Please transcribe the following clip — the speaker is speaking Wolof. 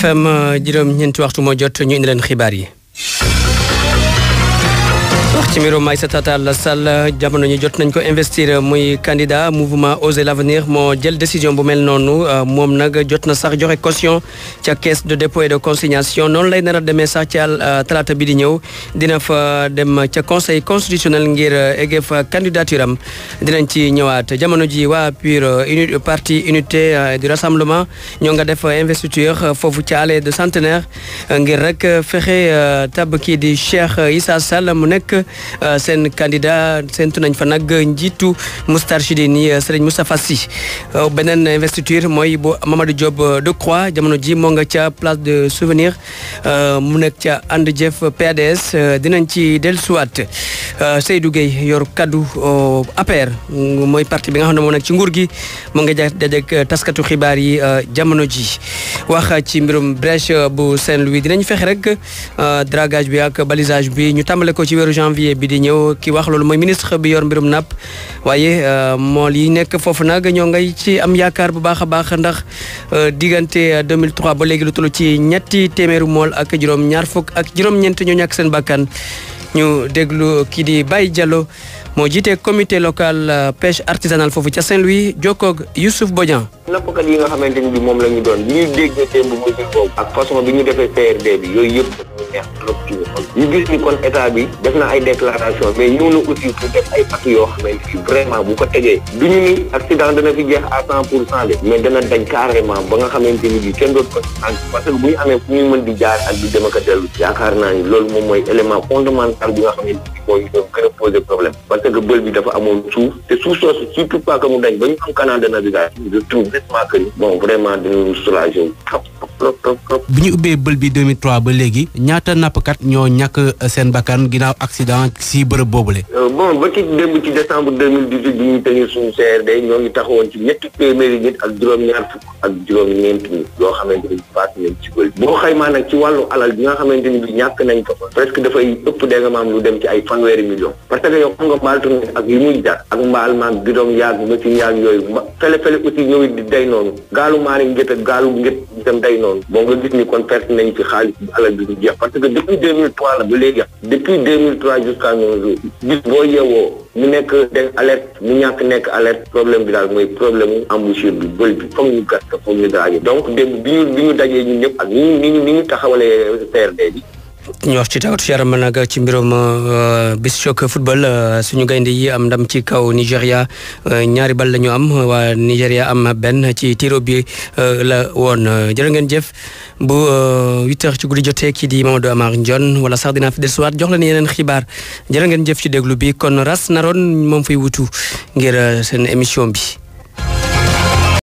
FM euh, juróom-ñeenti waxtu moo jot ñu indi leen xibaar yi. ci mbirum Aïssata la salle. jamono ñu jot nañ ko investir muy candidat mouvement Oser l'avenir moo jël décision bu mel noonu moom nag jot na sax joxe caution ca caisse de dépôt et de consignation non lay nar a demee sax ca euh, talaata bi di dina fa dem ca conseil constitutionnel ngir euh, egg fa candidature am dinañ ci ñëwaat jamono ji waa PUR euh, uni parti unité du rassemblement ñoo def investiture Fofu ca allée de centenaire ngir rek fexe tab di Cheikh Issa Sall mu nekk. Euh, seen candidat seentu nañ fa nag njiitu Moustarchidine ni euh, Serigne Moustapha si euh, beneen investiture mooy bu Mamadou Diop Decroix jamono ji moo nga ca place de souvenir mu nekk ca ànd jëf PDS dinañ ci dellusiwaat Seydou Gueye yor kaddu APR mooy parti bi nga xam ne moo nekk ci nguur gi moo nga dajeek taskatu xibaar yi jamono ji wax ci mbirum brèche bu Saint-Louis dinañ fexe rek dragage bi ak balisage bi ñu tàmbale ko ci weeru janvier janvier bi di ñëw ki wax loolu mooy ministre bi yor mbirum nap waaye euh, mool yi nekk foofu nag ñoo ngay ci am yaakaar bu baax a baax ndax euh, diggante 2003 euh, ba léegi lu tollu ci ñetti téeméeru mool ak juróom ñaar fukk ak juróom ñent ñoo ñàkk seen bakkan ñu déglu kii di Baye Diallo moo jiite comité local pêche artisanale foofu ca Saint-Louis jokkoog Youssouf Bodian. nappkat yi nga xamante ni bi moom la ñu doon bi ñu dégg seen mu mujj ak façon bi ñu defee CRD bi yooyu yëpp infrastructure ñu gis ni kon état bi def na ay déclaration mais ñëw na aussi pour def ay pàcc yoo xamante ni vraiment bu ko tegee du ñu ni accident dana fi jeex à cent pour cent de mais dana dañ carrément ba nga xamante ni bi kenn doot ko ak parce que bu ñu amee fu ñuy mën di jaar ak di dem dellu yaakaar naa ni loolu moom mooy élément fondamental bi nga xamante ni mooy ñu doon gën a poser problème parce que bël bi dafa amoon suuf te suuf soosu surtout pas bi ñu ubbee bël bi 2003 ba léegi ñaata napp kat ñoo ñàkk euh, seen bakkan ginnaaw accident si bërëb boobule. Euh, bon ba ci démb ci décembre 2018 bi ñu tenir suñu CRD ñoo ngi taxawoon ci ñetti téeméeri nit ak juróom-ñaar fukk ak ñeent nit yoo xamante ni faatu nañ ci bël boo xaymaa nag ci wàllu alal bi nga xamante ni bi ñàkk nañ ko fa presque dafay ëpp dégg nga maam lu dem ci ay fanweeri millions parce que yow xam nga mbaal tourné ak li muy jar ak mbaal maam bidon yaag machine yaag yooyu fele fele aussi ñëw di day noonu gaalu itam day noonu bon nga gis ni kon perte nañ ci xaalis bi bi du jeex parce que depuis 2003 la ba léegi depuis 2003 jusqu'à nos jours bis boo yeewoo mu nekk de alerte mu ñàkk nekk alerte problème bi daal mooy problème mu embouchure bi bël bi foog ñu gas ko foog ñu daaje donc démb bi ñu bi ñu dajee ñu ñëpp ak ni ñu ni ñu ni ñu taxawalee CRD bi ñu wax ci tawat yaram nag ci mbirum euh, bis choc football euh, suñu gaynde yi am ndam ci kaw Nigéria euh, ñaari bal la am wa Nigéria am benn ci tiro bi la woon jërë ngeen jëf bu 8 heures ci guddi jotee kii di Mamadou Amar Ndione wala sax dinaa fi dellusiwaat jox leen yeneen xibaar jërë ngeen jëf ci déglu bi kon ras naroon moom fi wutu ngir seen émission bi.